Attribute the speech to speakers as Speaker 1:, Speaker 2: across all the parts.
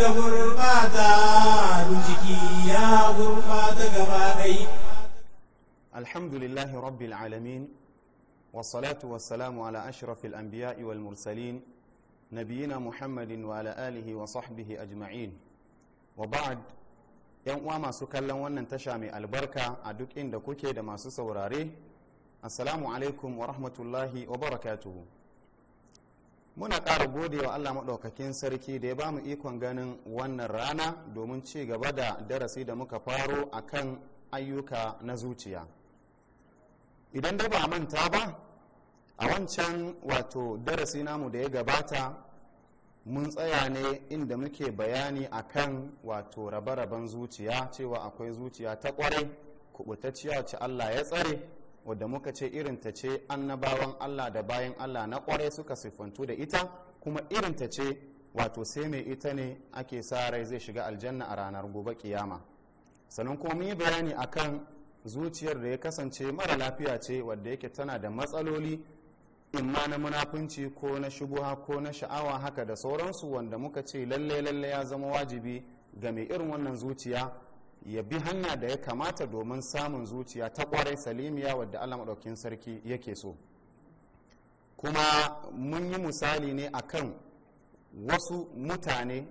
Speaker 1: da gurbata jiki ya gurbata gaba ɗai alhamdulillahi rabbil alamin wasalatu wasalamu ala ashrafil anbiya'i wal mursalin nabiyina muhammadin wa ala alihi wa sahbihi ajma'in wa ba'ad yan uwa masu kallon wannan tasha mai albarka a duk inda kuke da masu saurare assalamu alaikum wa rahmatullahi wa barakatuhu muna ƙara gode wa allah maɗaukakin sarki da ya ba mu ikon ganin wannan rana domin ci gaba da darasi da muka faro a kan ayyuka na zuciya idan da ba manta ba a wancan wato darasi namu da ya gabata mun tsaya ne inda muke bayani a kan wato rabe-raben zuciya cewa akwai zuciya ta ƙware kubutacciya ce allah ya tsare wadda muka ce irinta ce annabawan allah da bayan allah na kwarai suka siffantu da ita kuma irinta ce wato sai mai ita ne ake sa rai zai shiga aljanna a ranar gobe kiyama sannan kuma mun yi bayani akan zuciyar da ya kasance mara lafiya ce wadda yake tana da matsaloli imma na munafunci ko na shubuha ko na sha'awa haka da sauransu wanda muka ce lalle lalle ya zama wajibi ga mai irin wannan zuciya ya bi hanya da ya kamata domin samun zuciya ta kwarai salimiya wadda allah maɗaukin sarki yake so kuma mun yi misali ne akan wasu mutane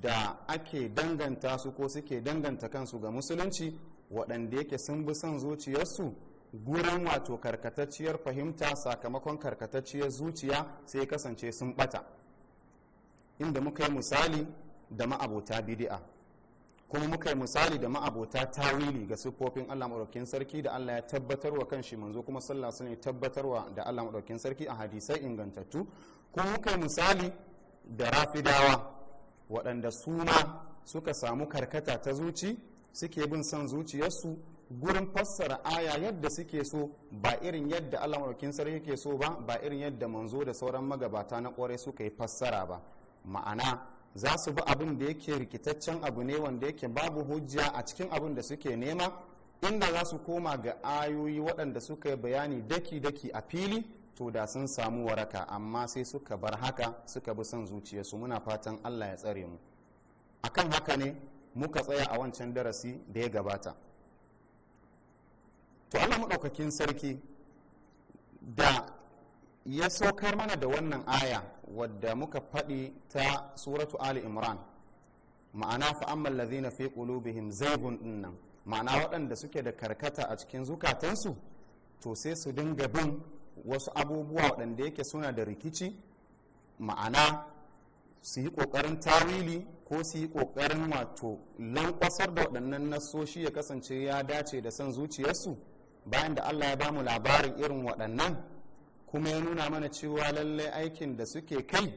Speaker 1: da ake danganta su ko suke danganta kansu ga musulunci waɗanda yake sun bi son zuciyarsu gurin wato karkatacciyar fahimta sakamakon karkatacciyar zuciya sai kasance sun ɓata inda muka yi misali da ma'abota bidi'a kuma muka yi misali da ma'abota tawili ga siffofin Allah maɗaukin sarki da Allah ya tabbatar wa kanshi manzo kuma sallah sun tabbatarwa da Allah maɗaukin sarki a hadisai ingantattu kuma muka yi misali da rafidawa waɗanda su suka samu karkata ta zuci suke bin son zuciyarsu gurin fassara aya yadda suke so ba irin yadda Allah maɗaukin sarki ke so ba ba irin yadda manzo da sauran magabata na ƙwarai suka yi fassara ba ma'ana za su bi abin da yake rikitaccen abu ne wanda yake babu hujja a cikin abin da suke nema inda za su koma ga ayoyi waɗanda suka yi bayani daki-daki a fili to da sun samu waraka amma sai suka bar haka suka bi son zuciyarsu muna fatan allah ya tsare mu akan haka ne muka tsaya a wancan darasi da ya gabata to allah maɗaukakin sarki da ya saukar mana da wannan aya wadda muka faɗi ta suratu ali imran ma'ana fa'amman lazina fi qulubihim zaigun dinnan ma'ana waɗanda suke da karkata a cikin zukatansu to sai su dinga bin wasu abubuwa waɗanda yake suna da rikici ma'ana su yi ƙoƙarin tawili ko su yi ƙoƙarin wato lankwasar da waɗannan nasoshi ya kasance ya dace da son zuciyarsu bayan da allah ya bamu labarin irin waɗannan kuma ya nuna mana cewa lallai aikin da suke kai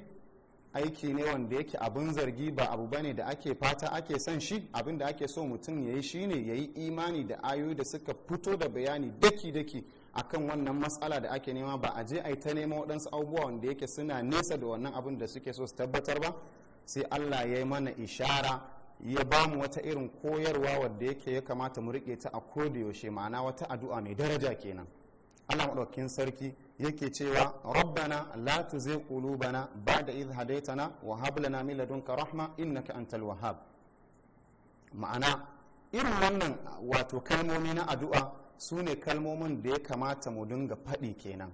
Speaker 1: aiki ne wanda yake abin zargi ba abu bane da ake fata ake son shi abin da ake so mutum ya yi shi ne ya yi imani da ayoyi da suka fito da bayani daki-daki akan wannan matsala da ake nema ba a je a yi ta nema waɗansu abubuwa wanda yake suna nesa da wannan abin da suke so su tabbatar ba sai allah ya yi mana ishara ya ba mu wata irin koyarwa wadda yake ya kamata mu riƙe ta a ko da yaushe ma'ana wata addu'a mai daraja kenan allah maɗaukin sarki yake cewa rabbana la tuzigh qulubana ba'da idh hadaytana wa hab lana min ladunka rahma innaka antal wahhab ma'ana irin wannan wato kalmomi na addu'a su ne kalmomin da ya kamata mu dinga faɗi kenan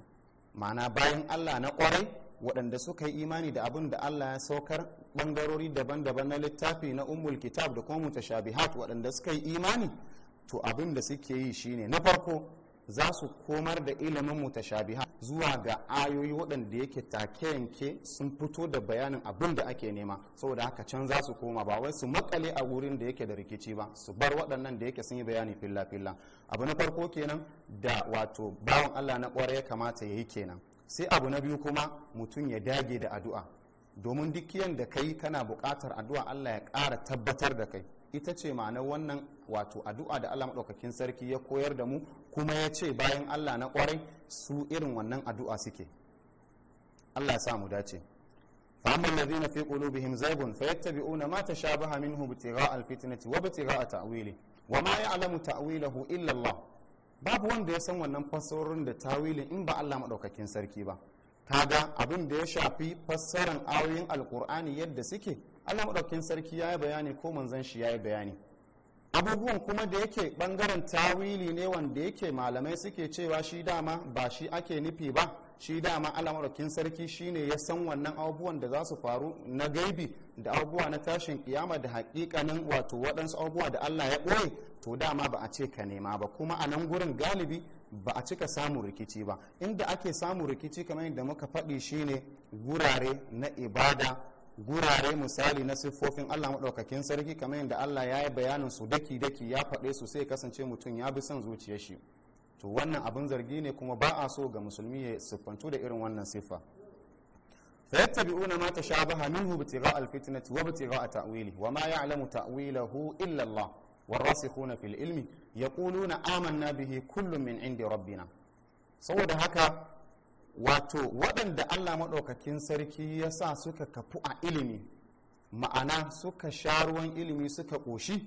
Speaker 1: ma'ana bayan allah na kwarai waɗanda suka yi imani da abin da allah ya saukar ɓangarori daban-daban na littafi na ummul kitab da kuma mutashabihat waɗanda suka yi imani to abin da suke yi shine na farko za su komar da ilimin mutashabiha zuwa ga ayoyi waɗanda yake take yanke sun fito da bayanin abin da ake nema saboda haka can za su koma ba wai su makale a wurin da yake da rikici ba su bar waɗannan da yake sun yi bayani filla filla abu na farko kenan da wato bawan Allah na ƙwarai ya kamata ya yi kenan sai abu na biyu kuma mutum ya dage da addu'a domin duk da kai kana buƙatar addu'a Allah ya ƙara tabbatar da kai ita ce ma'anar wannan wato addu'a da Allah maɗaukakin sarki ya koyar da mu kuma ya ce bayan Allah na ƙwarai su irin wannan addu'a suke Allah ya sa mu dace فأما الذين في قلوبهم زيغ فيتبعون ما تشابه منه ابتغاء الفتنة a تأويله وما alamu تأويله إلا illallah. babu wanda ya san wannan fassarorin da tawilin in ba Allah maɗaukakin sarki ba kaga abin da ya shafi fassarar ayoyin alkur'ani yadda suke Allah maɗaukin sarki ya yi bayani ko manzon shi ya yi bayani abubuwan kuma da yake bangaren tawili ne wanda yake malamai suke cewa shi dama ba shi ake nufi ba shi dama Allah maɗaukin sarki shine ya san wannan abubuwan da za su faru na gaibi da abubuwa na tashin kiyama da hakikanin wato waɗansu abubuwa da Allah ya ɓoye to dama ba a ce ka nema ba kuma a nan gurin galibi ba a cika samun rikici ba inda ake samun rikici kamar yadda muka faɗi shine gurare na ibada gurare misali na siffofin Allah maɗaukakin sarki kamar yadda Allah ya yi bayanin su daki daki ya faɗe su sai kasance mutum ya bi son zuciyar shi to wannan abin zargi ne kuma ba a so ga musulmi ya siffantu da irin wannan siffa fayattabi'una ma tashabaha minhu ibtigha' alfitnati wa a ta'wili wa ma ya'lamu ta'wilahu illa Allah والراسخون في العلم يقولون آمنا bihi kullum min indi rabbina saboda haka wato waɗanda allah maɗaukakin sarki ya sa suka kafu a ilimi ma'ana suka sha ruwan ilimi suka ƙoshi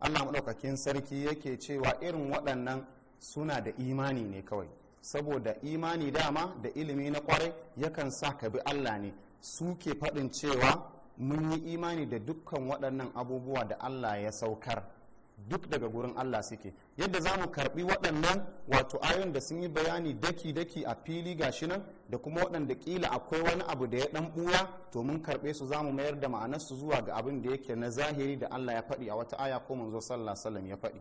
Speaker 1: allah maɗaukakin sarki yake cewa irin waɗannan suna da imani ne kawai saboda imani dama da ilimi na kwarai yakan sa ka bi allah ne suke faɗin cewa mun yi imani da dukkan waɗannan abubuwa da allah ya saukar duk daga gurin Allah suke yadda za mu karbi waɗannan wato ayon da sun yi bayani daki-daki a fili gashi nan da kuma waɗanda ƙila akwai wani abu da ya ɗan ɓuya to mun karɓe su za mu mayar da ma'anarsu zuwa ga abin da yake na zahiri da Allah ya faɗi a wata aya ko manzo sallallahu alaihi ya faɗi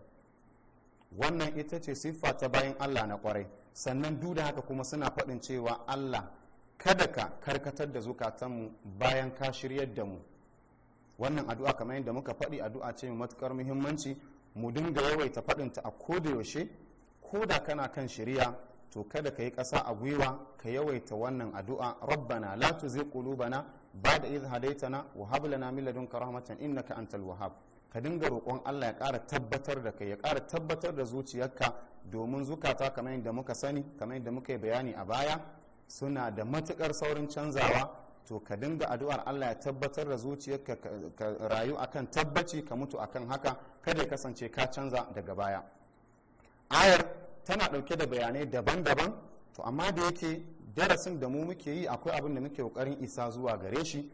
Speaker 1: wannan ita ce siffa ta bayan Allah na kwarai sannan duk da haka kuma suna faɗin cewa Allah kada ka karkatar da zukatanmu bayan ka shiryar da mu wannan addu'a kamar yadda muka faɗi addu'a ce mai matukar muhimmanci mu dinga yawaita faɗin ta a ko da yaushe ko da kana kan shari'a to kada ka yi ƙasa a gwiwa ka yawaita wannan addu'a rabbana la tuzigh qulubana ba'da idh hadaytana wa hab lana min ladunka rahmatan innaka antal wahhab ka dinga roƙon Allah ya ƙara tabbatar da kai ya ƙara tabbatar da zuciyarka domin zukata kamar yadda muka sani kamar yadda muka yi bayani a baya suna da matukar saurin canzawa to ka dinga addu'ar Allah ya tabbatar da zuciyarka ka rayu akan tabbaci ka mutu akan haka kada ya kasance ka canza daga baya ayar tana ɗauke da bayanai daban-daban to amma da yake darasin da mu muke yi akwai abin da muke kokarin isa zuwa gare shi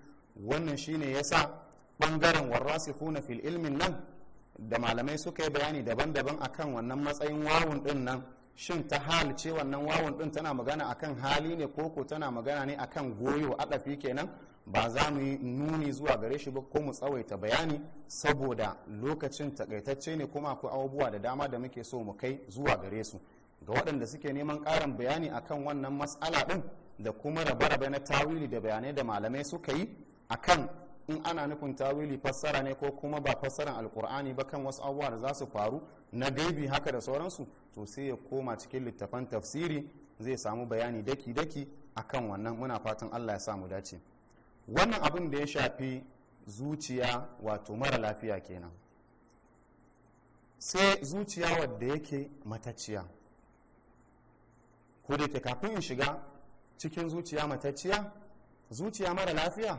Speaker 1: wannan shine yasa bangaren warasikhuna fil ilmin nan da malamai suka yi bayani daban-daban akan wannan matsayin wawun din nan shin ta hal ce wannan wawon din tana magana akan hali ne koko tana magana ne akan goyo adafi kenan ba za mu yi nuni zuwa gare shi ba ko mu tsawaita bayani saboda lokacin takaitacce ne kuma akwai abubuwa da dama da muke so mu kai zuwa gare su ga waɗanda suke neman ƙarin bayani akan wannan matsala ɗin da kuma rabe-rabe na tawili da bayanai da malamai suka yi akan in ana nufin tawili fassara ne ko kuma ba fassaran alkur'ani ba kan wasu abubuwa da za su faru na gaibi haka da sauransu to sai ya koma cikin littafan tafsiri zai samu bayani daki-daki a kan wannan muna fatan allah ya samu dace wannan abin da ya shafi zuciya wato mara lafiya kenan sai zuciya wadda yake matacciya ko da kafin in shiga cikin zuciya matacciya zuciya mara lafiya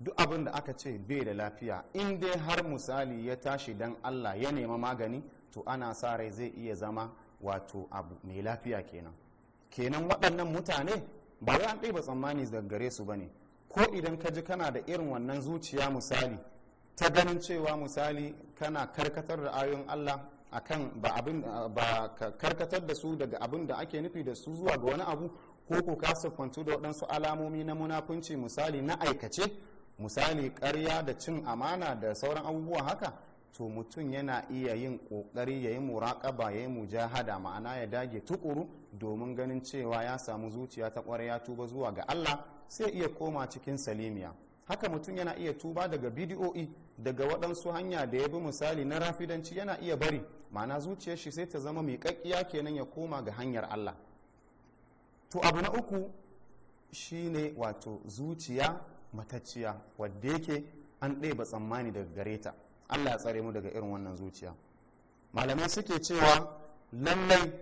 Speaker 1: duk abin da aka ce bai da lafiya in dai har misali ya tashi dan allah ya nema magani to ana sa rai zai iya zama wato abu mai lafiya kenan kenan waɗannan mutane ba wai an ba tsammani daga gare su ba ne ko idan ka ji kana da irin wannan zuciya misali ta ganin cewa misali kana karkatar da ayoyin allah akan ba ba karkatar da su daga abin da ake nufi da su zuwa ga wani abu ko ko ka siffantu da waɗansu alamomi na munafunci misali na aikace misali karya da cin amana da sauran abubuwa haka to mutum yana iya yin ƙoƙari ya yi muraƙaba ya yi mujahada ma'ana ya dage tukuru domin ganin cewa ya samu zuciya ta ƙwarai ya tuba zuwa ga Allah sai iya koma cikin salimiya haka mutum yana iya tuba daga bidiyo'i daga waɗansu hanya da ya bi misali na rafidanci yana iya bari ma'ana zuciyar shi sai ta zama miƙaƙƙiya kenan ya koma ga hanyar Allah to abu na uku shine wato zuciya matacciya wadda yake an ɗeba tsammani daga gare ta allah ya tsare mu daga irin wannan zuciya malamai suke cewa lallai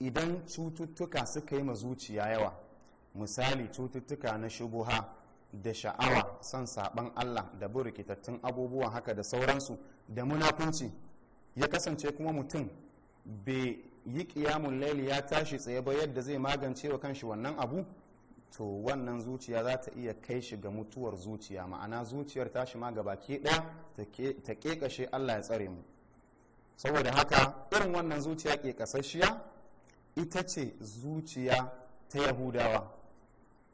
Speaker 1: idan cututtuka suka yi ma zuciya yawa misali cututtuka na shubuha da sha'awa son saɓan allah da bin rikitattun abubuwan haka da sauransu da munafunci ya kasance kuma mutum bai yi ƙiyamun laili ya tashi tsaye ba yadda zai magance wa kanshi wannan abu to wannan zuciya za ta iya kai shi ga mutuwar zuciya ma'ana zuciyar tashi ma gaba ke ɗaya ta ƙeƙashe allah ya tsare mu saboda haka irin wannan zuciya kasashiya ita ce zuciya ta yahudawa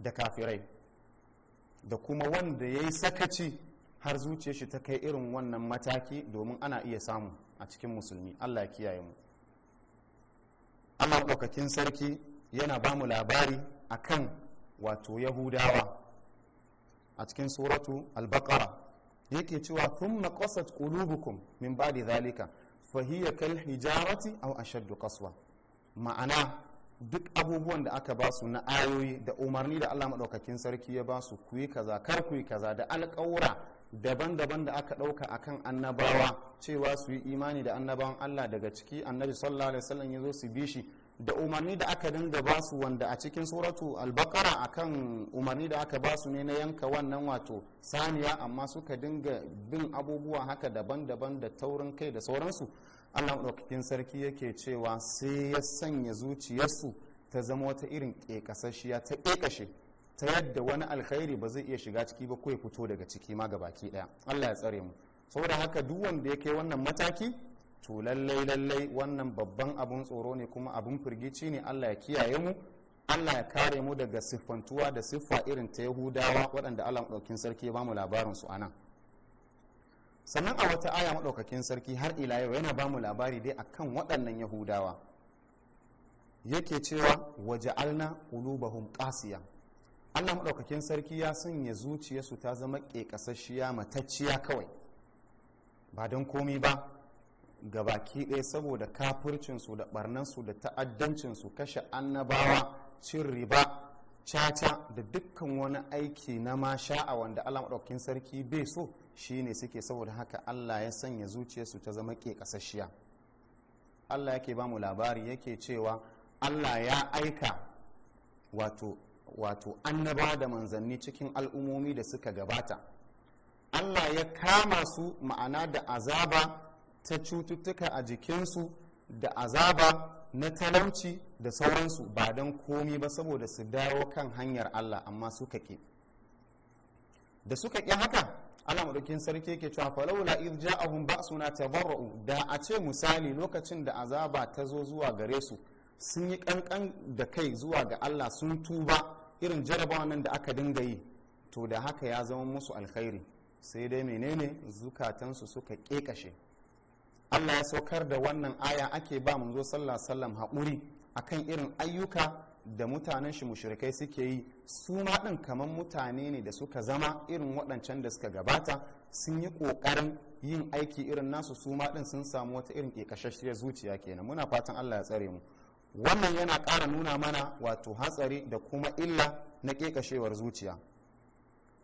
Speaker 1: da kafirai da kuma wanda ya yi sakaci har zuciyar shi ta kai irin wannan mataki domin ana iya samu a cikin musulmi allah ya kiyaye mu allah ɗaukakin sarki yana ba mu labari akan wato yahudawa a cikin suratu albakara yake cewa thumma qasat qulubukum min ba'di dhalika fa hiya kal hijarati aw ashaddu qaswa ma'ana duk abubuwan da aka ba su na ayoyi da umarni da Allah madaukakin sarki ya ba su kuyi kaza kar kuyi kaza da alƙawura daban-daban da aka ɗauka akan annabawa cewa su yi imani da annabawan Allah daga ciki annabi sallallahu alaihi wasallam ya zo su bi shi da umarni da aka dinga basu wanda a cikin suratu albakara akan umarni da aka basu ne na yanka wannan wato saniya amma suka dinga bin abubuwa haka daban-daban da taurin kai da sauransu allah ɗaukakin sarki yake cewa sai ya sanya zuciyarsu ta zama wata irin ƙeƙasashiya ta ƙeƙashe ta yadda wani alkhairi ba zai iya shiga ciki ba ko ya fito daga ciki ma gabaki ɗaya allah ya tsare mu saboda haka duk wanda ya kai wannan mataki to lallai lallai wannan babban abun tsoro ne kuma abun firgici ne allah ya kiyaye mu allah ya kare mu daga siffantuwa da siffa irin ta yahudawa waɗanda allah maɗaukin sarki ya bamu labarin su anan sannan a wata aya maɗaukakin sarki har ila yau yana bamu labari dai akan waɗannan yahudawa yake cewa waje alna ƙulubahum ƙasiya allah maɗaukakin sarki ya sanya zuciyarsu ta zama ƙeƙasasshiya matacciya kawai ba don komi ba gabaki ɗaya saboda kafircinsu da ɓarnansu da ta'addancinsu kashe annabawa cin riba caca da dukkan wani aiki na masha a wanda alamadaukin sarki bai so shine suke saboda haka allah ya sanya zuciyarsu ta zama ke ƙasashiya allah yake ba mu labari yake cewa allah ya aika wato wato annaba da manzanni cikin al'ummomi da suka gabata allah ya kama su ma'ana da azaba ta cututtuka a jikinsu da azaba na talauci da sauransu ba don komi ba saboda su dawo kan hanyar Allah amma suka ƙi da suka ƙi haka Allah madaukin sarki yake cewa falawla id ja'ahum ba'suna tabarra'u da a ce misali lokacin da azaba ta zo zuwa gare su sun yi kankan da kai zuwa ga Allah sun tuba irin jarabawa nan da aka dinga yi to da haka ya zama musu alkhairi sai dai menene zukatansu suka ƙeƙashe allah ya saukar da wannan aya ake ba manzo sallah sallam haƙuri akan irin ayyuka da mutanen shi mushrikai suke yi su ma ɗin kamar mutane ne da suka zama irin waɗancan da suka gabata sun yi ƙoƙarin yin aiki irin nasu su ma ɗin sun samu wata irin ƙeƙashashiyar zuciya kenan muna fatan allah ya tsare mu wannan yana ƙara nuna mana wato hatsari da kuma illa na ƙeƙashewar zuciya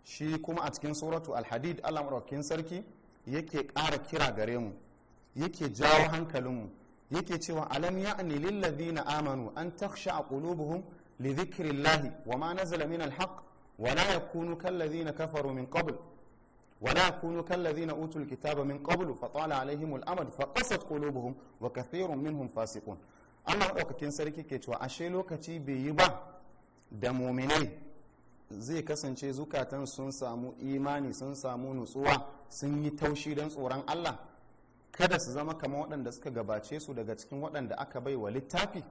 Speaker 1: shi kuma a cikin suratu alhadid allah sarki yake ƙara kira gare mu yake jawo hankalinmu yake cewa alam ya'ni lillazina amanu an a qulubuhum li dhikrillahi wa ma nazala min alhaq wa la yakunu kallazina kafaru min qabl wa la yakunu kallazina utul kitaba min qablu fa tala alaihim al fa qasat qulubuhum wa kathirun minhum fasiqun Allah madaukakin sarki ke cewa ashe lokaci bai yi ba da muminai zai kasance zukatan sun samu imani sun samu nutsuwa sun yi taushi don tsoron Allah kada su zama kamar waɗanda suka gabace su daga cikin waɗanda aka bai wa littafi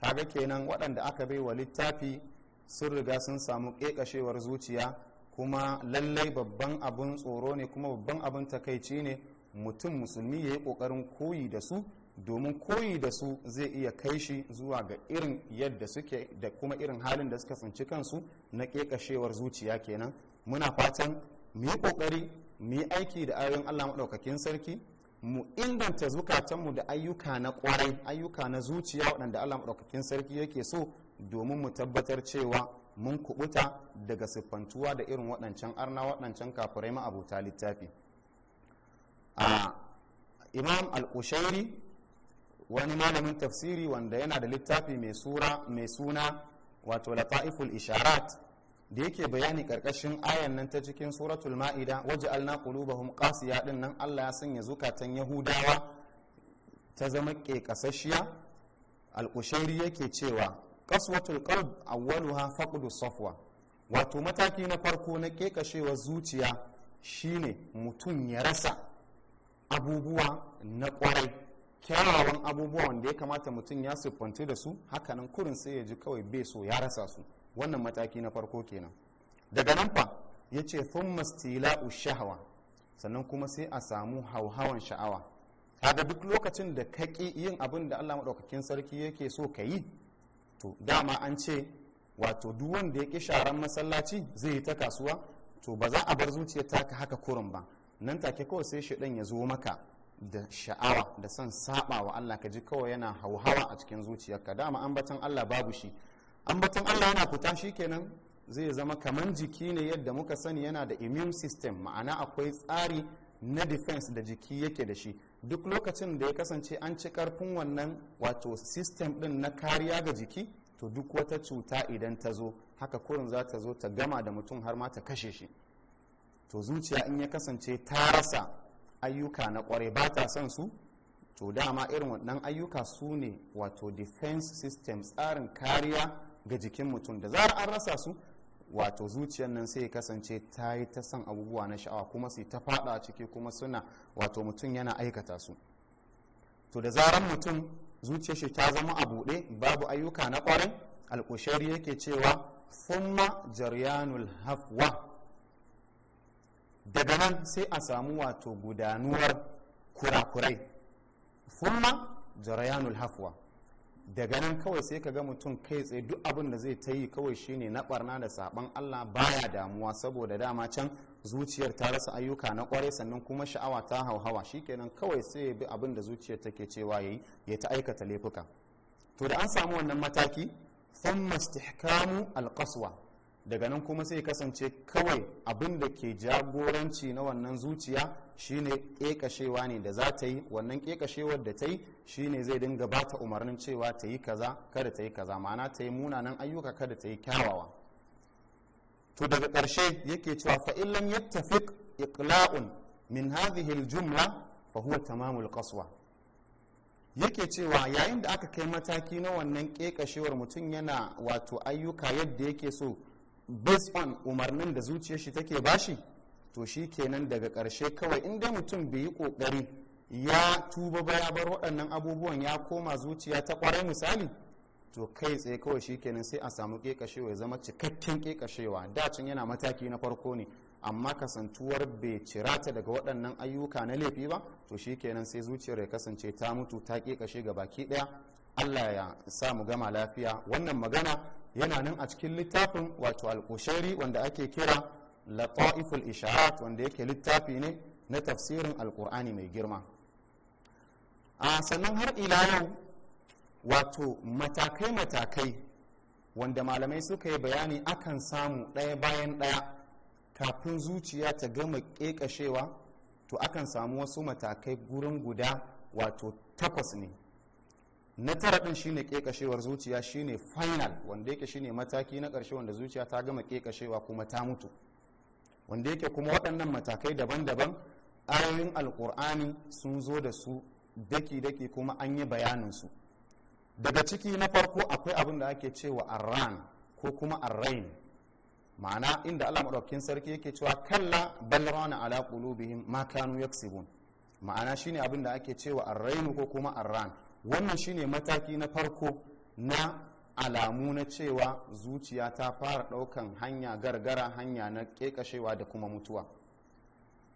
Speaker 1: kaga kenan waɗanda aka bai wa littafi sun riga sun samu ƙeƙashewar zuciya kuma lallai babban abin tsoro ne kuma babban abin takaici ne mutum musulmi ya yi ƙoƙarin koyi da su domin koyi da su zai iya kai shi zuwa ga irin yadda suke da kuma irin halin da suka tsinci kansu na ƙeƙashewar zuciya kenan muna fatan mu yi ƙoƙari mu yi aiki da ayoyin allah maɗaukakin sarki mu inganta zukatanmu da ayyuka na kwarai ayyuka na zuciya waɗanda allah maɗaukakin sarki yake so domin mu tabbatar cewa mun kubuta daga siffantuwa da irin waɗancan arna waɗancan kafirai ma'abuta littafi a imam al-ushairi wani malamin tafsiri wanda yana da littafi mai suna wato lata'iful isharat da yake bayani karkashin ayan nan ta cikin suratul ma'ida waje alna qulubahum qasiya din nan Allah ya sanya zukatan yahudawa ta zama al alkushairi yake cewa qaswatul qalb awwaluha faqdu safwa wato mataki na farko na kekashewar zuciya shine mutum ya rasa abubuwa na kwarai kyawawan abubuwa wanda ya kamata mutum ya siffantu da su hakanan kurin sai ya ji kawai bai so ya rasa su wannan mataki na farko kenan daga nan fa ya ce sun stila'u shahawa sannan kuma sai a samu hauhawan sha'awa kaga duk lokacin da ka ƙi yin abin da Allah maɗaukakin sarki yake so ka yi to dama an ce wato duk wanda ya ƙi sharan masallaci zai yi ta kasuwa to ba za a bar zuciya ta ka haka kurin ba nan take kawai sai shaɗan ya zo maka da sha'awa da son saɓa wa Allah ka ji kawai yana hauhawa a cikin zuciyarka dama ambatan Allah babu shi ambaton allah yana fita shi kenan zai zama kamar jiki ne yadda muka sani yana da immune system ma'ana akwai tsari na defense da jiki yake da shi duk lokacin da ya kasance an ci karfin wannan wato system din na kariya ga jiki to duk wata cuta idan ta zo haka kurin za ta zo ta gama da mutum har ma ta kashe shi to zuciya in ya kasance ta rasa ayyuka na kware ba ta son su to dama irin waɗannan ayyuka su ne wato defense system tsarin kariya ga jikin mutum da zarar an rasa su wato zuciyar nan sai ya kasance ta yi ta san abubuwa na sha'awa kuma su ta fada ciki kuma suna wato mutum yana aikata su to da zarar mutum zuciyar shi ta zama a buɗe babu ayyuka na ƙwarai alƙushari yake cewa fumma jaryanul hafwa daga nan sai a samu wato gudanuwar kurakurai fumma jaryanul hafwa daga nan kawai sai ka ga mutum kai tsaye duk abin da zai ta yi kawai shine na barna da saban Allah baya damuwa saboda dama can zuciyar ta rasa ayyuka na kwarai sannan kuma sha'awa ta hauhawa shikenan kawai sai ya bi abin da zuciyar take cewa yayi ya ta aikata laifuka to da an samu wannan mataki thumma istihkamu alqaswa daga nan kuma sai kasance kawai abin da ke jagoranci na wannan zuciya shine kekashewa ne da za ta yi wannan kekashewar da ta yi shine zai dinga ba ta umarnin cewa ta yi kaza kada ta yi kaza ma'ana ta yi munanan ayyuka kada ta yi kyawawa to daga ƙarshe yake cewa fa in yattafiq iqla'un min hadhihi al-jumla fa huwa tamamul qaswa yake cewa yayin da aka kai mataki na wannan kekashewar mutum yana wato ayyuka yadda yake so based on umarnin da zuciyar shi take bashi to shi kenan daga ƙarshe kawai inda mutum bai yi ƙoƙari ya tuba ba ya bar waɗannan abubuwan ya koma zuciya ta ƙwarai misali to kai tsaye kawai shi kenan sai a samu ƙeƙashewa ya zama cikakken ƙeƙashewa dacin yana mataki na farko ne amma kasantuwar bai cira ta daga waɗannan ayyuka na laifi ba to shi kenan sai zuciyar ya kasance ta mutu ta ƙeƙashe ga baki ɗaya allah ya sa mu gama lafiya wannan magana yana nan a cikin littafin wato alƙushari wanda ake kira lata'iful isharat wanda yake littafi ne na tafsirin alƙur'ani mai girma a sannan har ila yau wato matakai-matakai wanda malamai suka yi bayani akan samu ɗaya bayan ɗaya kafin zuciya ta gama ƙeƙashewa to akan samu wasu matakai gurin guda wato takwas ne na tara din shine kekashewar zuciya shine final wanda yake shine mataki na karshe wanda zuciya ta gama kekashewa kuma ta mutu wanda yake kuma waɗannan matakai daban-daban ayoyin alkur'ani sun zo da su daki-daki kuma an yi bayaninsu daga ciki na farko akwai abin da ake cewa arran ko kuma arrain ma'ana inda allah maɗaukin sarki yake cewa kalla balrana ala qulubihim ma kanu yaksibun ma'ana shine abin da ake cewa arrainu ko kuma arran wannan shine mataki na farko na alamu na cewa zuciya ta fara ɗaukan hanya gargara hanya na ƙeƙashewa da kuma mutuwa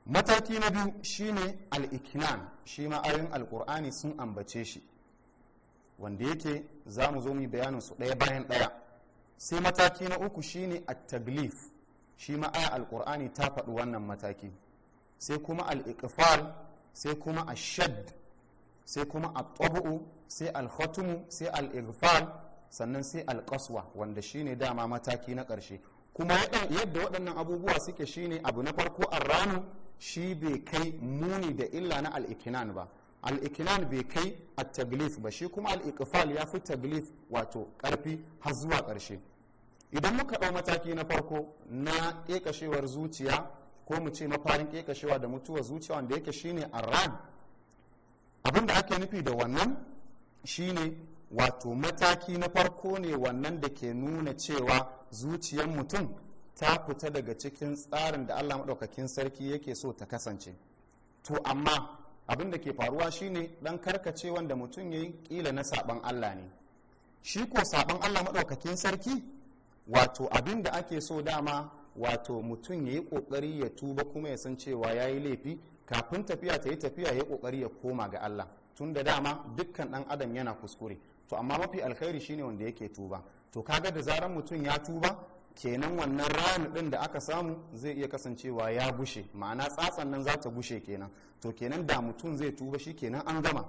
Speaker 1: mataki na biyu shine al-iknan shi ma'ayin alkur'ani sun ambace shi wanda yake za mu zo mu bayanin su ɗaya bayan ɗaya sai mataki na uku shine at-taglif shi ma'aya alkur'ani ta faɗi wannan mataki sai kuma al-iqfal sai kuma ashad sai kuma al-qabu sai al-khatmu sai al-ighfal sannan sai al-qaswa wanda shine dama mataki na ƙarshe kuma yadda waɗannan abubuwa suke shine abu na farko ar-ranu shi bai kai muni da illa na al ba al-ikinan bai kai at-taglif ba shi kuma al-ighfal ya fi taglif wato ƙarfi har zuwa ƙarshe idan muka ɗau mataki na farko na ƙeƙashewar zuciya ko mu ce mafarin ƙeƙashewa da mutuwar zuciya wanda yake shine ar-ran abin da ake nufi da wannan shine wato mataki na farko ne wannan da ke nuna cewa zuciyar mutum ta fita daga cikin tsarin da allah maɗaukakin sarki yake so ta kasance to amma abin da ke faruwa shine ɗan karkace wanda mutum ya yi ƙila na saɓan allah ne shi ko saɓan allah maɗaukakin sarki wato abin da ake so dama wato mutum ya yi kokari ya tuba kuma ya san cewa ya yi laifi kafin tafiya ta yi tafiya ya yi kokari ya koma ga Allah tun da dama dukkan dan adam yana kuskure to amma mafi alkhairi shine wanda yake tuba to kaga da zaran mutum ya tuba kenan wannan rami din da aka samu zai iya kasancewa ya bushe ma'ana tsatsan nan za ta bushe kenan to kenan da mutum zai tuba shi kenan an gama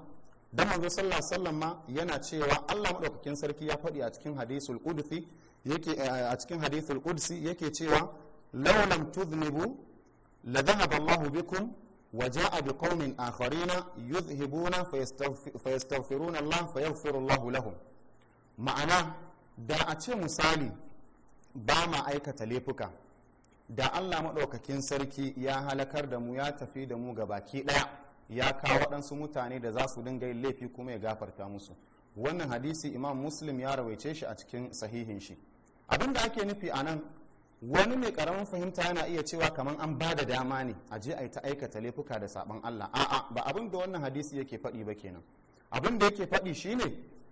Speaker 1: dan manzo sallallahu alaihi wasallam ma yana cewa Allah madaukakin sarki ya faɗi a cikin hadisul qudsi yake a cikin hadisul qudsi yake cewa law lam tudhnibu la dhahaba Allah bikum wa jaa biqaumin akharina yudhhibuna yastaghfiruna Allah yaghfiru Allah lahum ma'ana da a ce misali ba ma aikata laifuka da Allah madaukakin sarki ya halakar da mu ya tafi da mu ga baki daya ya kawo waɗansu mutane da za su dinga yin laifi kuma ya gafarta musu wannan hadisi imam muslim ya rawaice shi a cikin sahihin shi abin da ake nufi a nan wani mai karamin fahimta yana iya cewa kamar an ba da dama ne a je a yi ta aikata laifuka da sabon allah a'a ba abin da wannan hadisi yake faɗi ba kenan abin da yake faɗi shine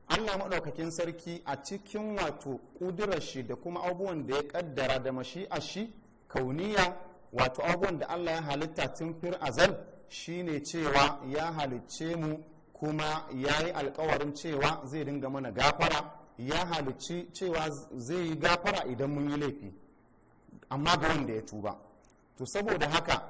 Speaker 1: allah maɗaukakin sarki a cikin wato ƙudurar shi da kuma abubuwan da ya ƙaddara da mashi'ar shi kauniya wato abubuwan da allah ya halitta tun fir azal shine cewa ya halicce mu kuma ya yi alkawarin cewa zai dinga mana gafara ya halicci cewa zai yi gafara idan mun yi laifi amma ga wanda ya tuba to saboda haka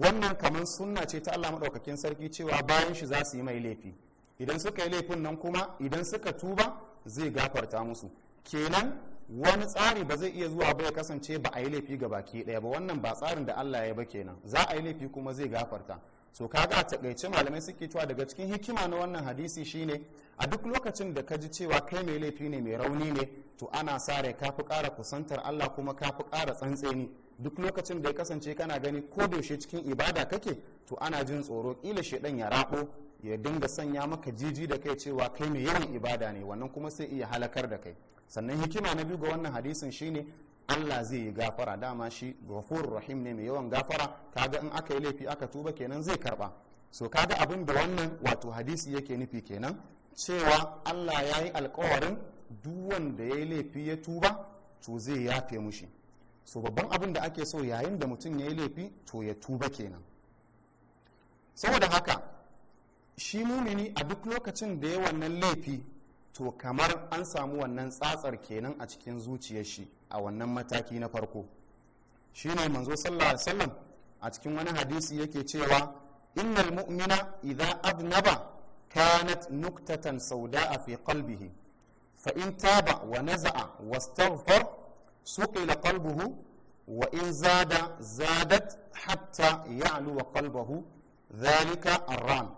Speaker 1: wannan kamar sunna ce ta Allah maɗaukakin sarki cewa bayan shi za su yi mai laifi idan suka yi laifin nan kuma idan suka tuba zai gafarta musu kenan wani tsari ba zai iya zuwa ba ya kasance ba a yi laifi ga baki ɗaya ba wannan ba tsarin da Allah ya ba kenan za a yi laifi kuma zai gafarta so kaga a takaice malamai suke cewa daga cikin hikima na wannan hadisi shine a duk lokacin da ka ji cewa kai mai laifi ne mai rauni ne to ana sa rai ka fi ƙara kusantar Allah kuma ka fi ƙara tsantseni duk lokacin da ya kasance kana gani ko yaushe cikin ibada kake to ana jin tsoro kila shedan ya rabo ya dinga sanya maka jiji da kai cewa kai mai yawan ibada ne wannan kuma sai iya halakar da kai sannan hikima na biyu ga wannan hadisin shine Allah zai yi gafara dama shi ghafurur rahim ne mai yawan gafara kaga in aka yi laifi aka tuba kenan zai karba so kaga abin da wannan wato hadisi yake nufi kenan cewa Allah ya yi alkawarin duk wanda ya yi laifi ya tuba to zai yafe mushi so babban abin da ake so yayin da mutum ya yi laifi to ya tuba kenan saboda haka shi mumini a duk lokacin da ya wannan laifi to kamar an samu wannan tsatsar kenan a cikin zuciyar shi a wannan mataki na farko shine manzo sallallahu a cikin wani hadisi yake cewa innal mu'mina idza adnaba kanat nuktatan a fi qalbihi fa in taba wa naza'a wastaghfar suqila qalbuhu wa in zada zadat hatta ya'lu wa qalbuhu dhalika arran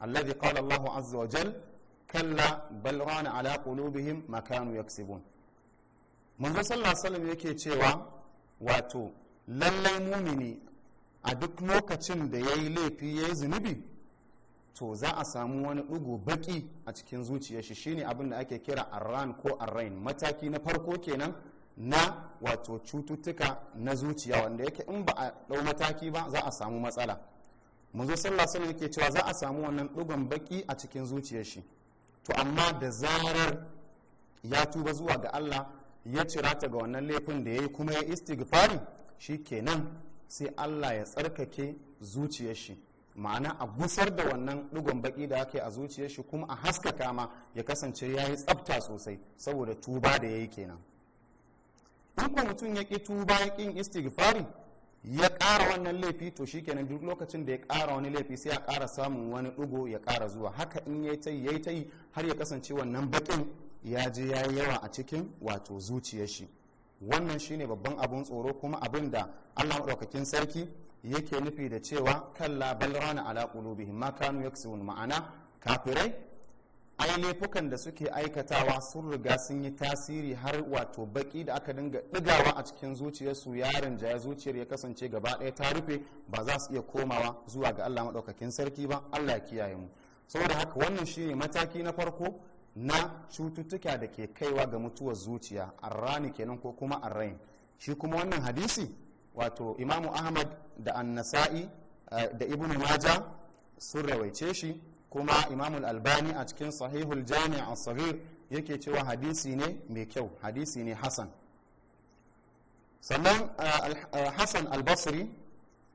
Speaker 1: alladhi qala Allahu azza wa jalla kalla bal rana ala qulubihim ma kanu yaksibun manzo sallallahu alaihi wasallam yake cewa wato lallai mumini a duk lokacin da yayi laifi yayi zunubi to za a samu wani ɗugu baki a cikin zuciya shi shine abin da ake kira arran ko arrain mataki na farko kenan na wato cututtuka na zuciya wanda yake in ba a ɗau mataki ba za a samu matsala manzo sallallahu alaihi wasallam yake cewa za a samu wannan ɗigon baki a cikin zuciya shi to amma da zarar ya tuba zuwa ga Allah ya cira ta ga wannan laifin da ya yi kuma ya istighfari kenan sai Allah ya tsarkake zuciyar shi ma'ana a gusar da wannan digon baki da ake a zuciyar shi kuma a haskaka ma ya kasance ya yi tsafta sosai saboda tuba da ya yi kenan in kuma mutum ya ki tuba ya ƙin istighfari ya ƙara wannan laifi to shikenan duk lokacin da ya kara wani laifi sai ya kara samun wani ɗugo ya kara zuwa haka in ya ta yi ta yi har ya kasance wannan baƙin ya je ya yawa a cikin wato zuciyar shi wannan shine babban abun tsoro kuma abin da allah maɗaukakin sarki yake nufi da cewa kalla balrana ala qulubihim ma kanu yaksubun ma'ana kafirai ai laifukan da suke aikatawa sun riga sun yi tasiri har wato baki da aka dinga digawa a cikin zuciyarsu yaron jaya zuciyar ya kasance gaba ɗaya ta rufe ba za su iya komawa zuwa ga allah maɗaukakin sarki ba allah kiyaye mu saboda haka wannan shine mataki na farko na cututtuka da ke kaiwa ga mutuwar zuciya arrani kenan ko kuma arrain shi kuma wannan hadisi wato imamu ahmad da annasa'i eh, da ibnu maja sun rawaice shi kuma imamul albani a cikin sahihul jami a sahir yake cewa hadisi ne mai kyau hadisi ne Hassan. sannan hassan albasri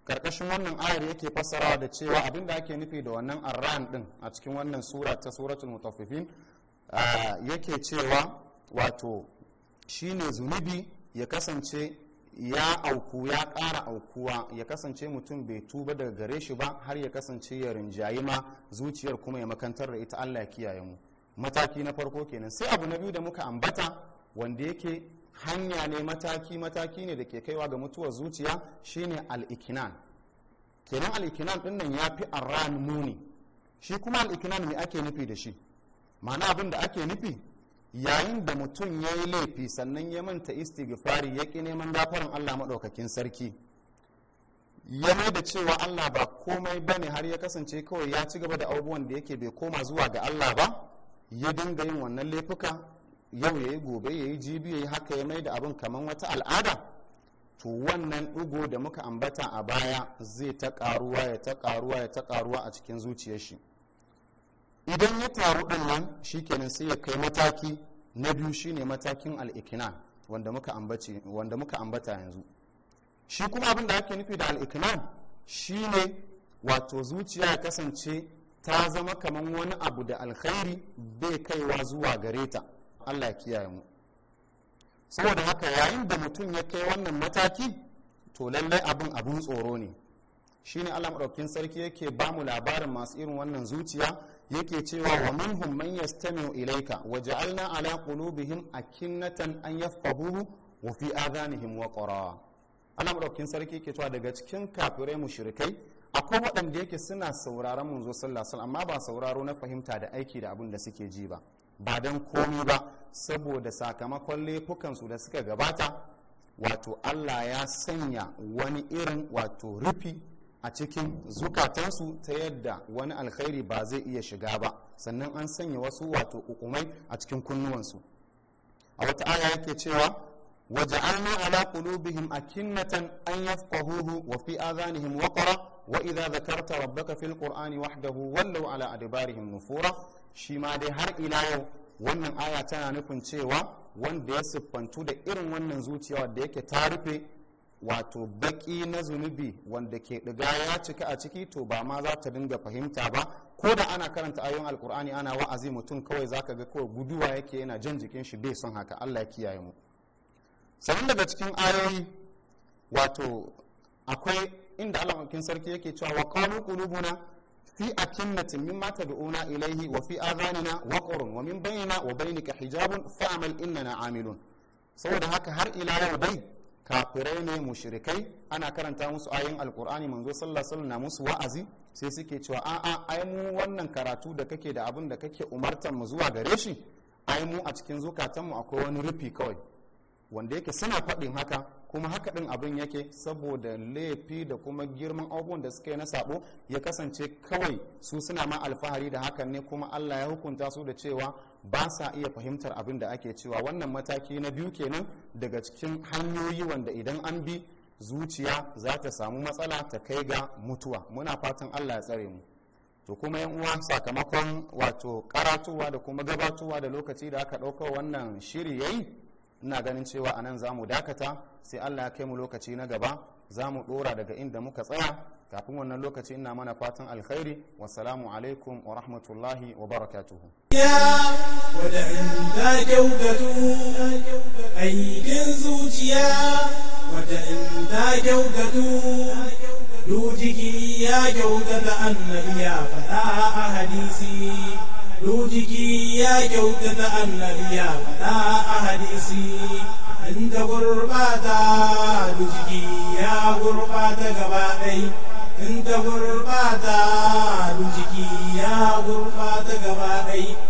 Speaker 1: karkashin wannan ayar yake fassarawa da cewa abin da ake nufi da wannan arran din a cikin wannan sura ta suratul mutaffifin yake cewa wato shine zunubi ya kasance ya auku ya ƙara aukuwa ya kasance mutum bai tuba daga gare shi ba har ya kasance ya rinjayi ma zuciyar kuma ya makantar da ita allah ya kiyaye mu mataki na farko kenan sai abu na biyu da muka ambata wanda yake hanya ne mataki mataki ne da ke kaiwa ga mutuwar zuciya shine al'ikinan kenan al'ikinan din nan ya fi arran muni shi kuma al'ikinan me ake nufi da shi ma'ana abin da ake nufi yayin da mutum ya yi laifi sannan ya manta istighfari ya ƙi neman gafarin allah maɗaukakin sarki ya mai da cewa allah ba komai ba ne har ya kasance kawai ya ci gaba da abubuwan da yake bai koma zuwa ga allah ba ya dinga yin wannan laifuka yau ya yi gobe ya yi jibi ya yi haka ya mai da abin kamar wata al'ada to wannan ɗugo da muka ambata a baya zai ta ƙaruwa ya ta ƙaruwa ya ta ƙaruwa a cikin zuciyar shi idan ya taru din nan shikenan sai ya kai mataki na biyu shine matakin al'ikina wanda muka ambata yanzu shi kuma abin da ake nufi da al'ikina shine wato zuciya ya kasance ta zama kamar wani abu da alkhairi bai kaiwa zuwa gare ta allah kiyaye mu saboda haka yayin da mutum ya kai wannan mataki to lallai abin abin tsoro ne shine allah maɗaukin sarki yake bamu labarin masu irin wannan zuciya yake cewa wa minhum man yastami'u ilayka wa ja'alna ala qulubihim akinnatan an yafqahuhu wa fi adanihim qara Allah madaukakin sarki yake cewa daga cikin kafirai mushrikai akwai waɗanda yake suna sauraron manzo sallallahu alaihi amma ba sauraro na fahimta da aiki da abun da suke ji ba ba dan komi ba saboda sakamakon su da suka gabata wato Allah ya sanya wani irin wato rufi a cikin zukatansu ta yadda wani alkhairi ba zai iya shiga ba sannan an sanya wasu wato hukumai a cikin kunnuwansu a wata aya yake cewa waja'alna ala a kinnatan an yafqahuhu wa fi azanihim waqra wa idza dhakarta rabbaka fil qur'ani wahdahu wallau ala adbarihim nufura shi ma dai har ila yau wannan aya tana nufin cewa wanda ya siffantu da irin wannan zuciya da yake ta rufe wato baki na zunubi wanda ke ɗiga ya cika a ciki to ba ma za ta dinga fahimta ba ko da ana karanta ayoyin alkur'ani ana wa'azi mutum kawai za ka ga kawai guduwa yake yana jan jikin shi bai son haka allah ya kiyaye mu sannan daga cikin ayoyi wato akwai inda allah sarki yake cewa wa kawo kulubuna fi mata da una ilaihi wa fi adhanina waqrun wa min wa bainika hijabun fa'mal na amilun saboda haka har ila yau dai kafirai ne mushrikai ana karanta musu ayoyin alkur'ani manzo sallallahu alaihi na musu wa'azi sai suke cewa a'a ai mu wannan karatu da kake da abin da kake umartan mu zuwa gare shi ai mu a cikin zukatan akwai wani rufi kawai wanda yake suna faɗin haka kuma haka ɗin abin yake saboda laifi da kuma girman abubuwan da suka yi na sabo ya kasance kawai su suna ma alfahari da hakan ne kuma allah ya hukunta su da cewa ba sa iya fahimtar abin da ake cewa wannan mataki na biyu kenan daga cikin hanyoyi wanda idan an bi zuciya za ta samu matsala ta kai ga mutuwa muna fatan allah ya tsare mu to kuma yan uwa sakamakon wato karatuwa da kuma gabatuwa da lokaci da aka ɗauka wannan shiri yi ina ganin cewa anan za mu dakata sai allah ya kai mu lokaci na gaba za mu ɗora daga inda muka tsaya kafin wannan lokaci ina mana fatan alkhairi wasalamu alaikum wa rahmatullahi wa barakatuhu wada'inda kyautatu aikin zuciya wada'inda kyautatu dujiki ya kyautata annabi ya faɗa a hadisi dujiki ya kyautata annabi ya faɗa a hadisi inda gurbata dujiki ya gurbata gaba ɗai inda gurbata dujiki ya gurbata gaba ɗai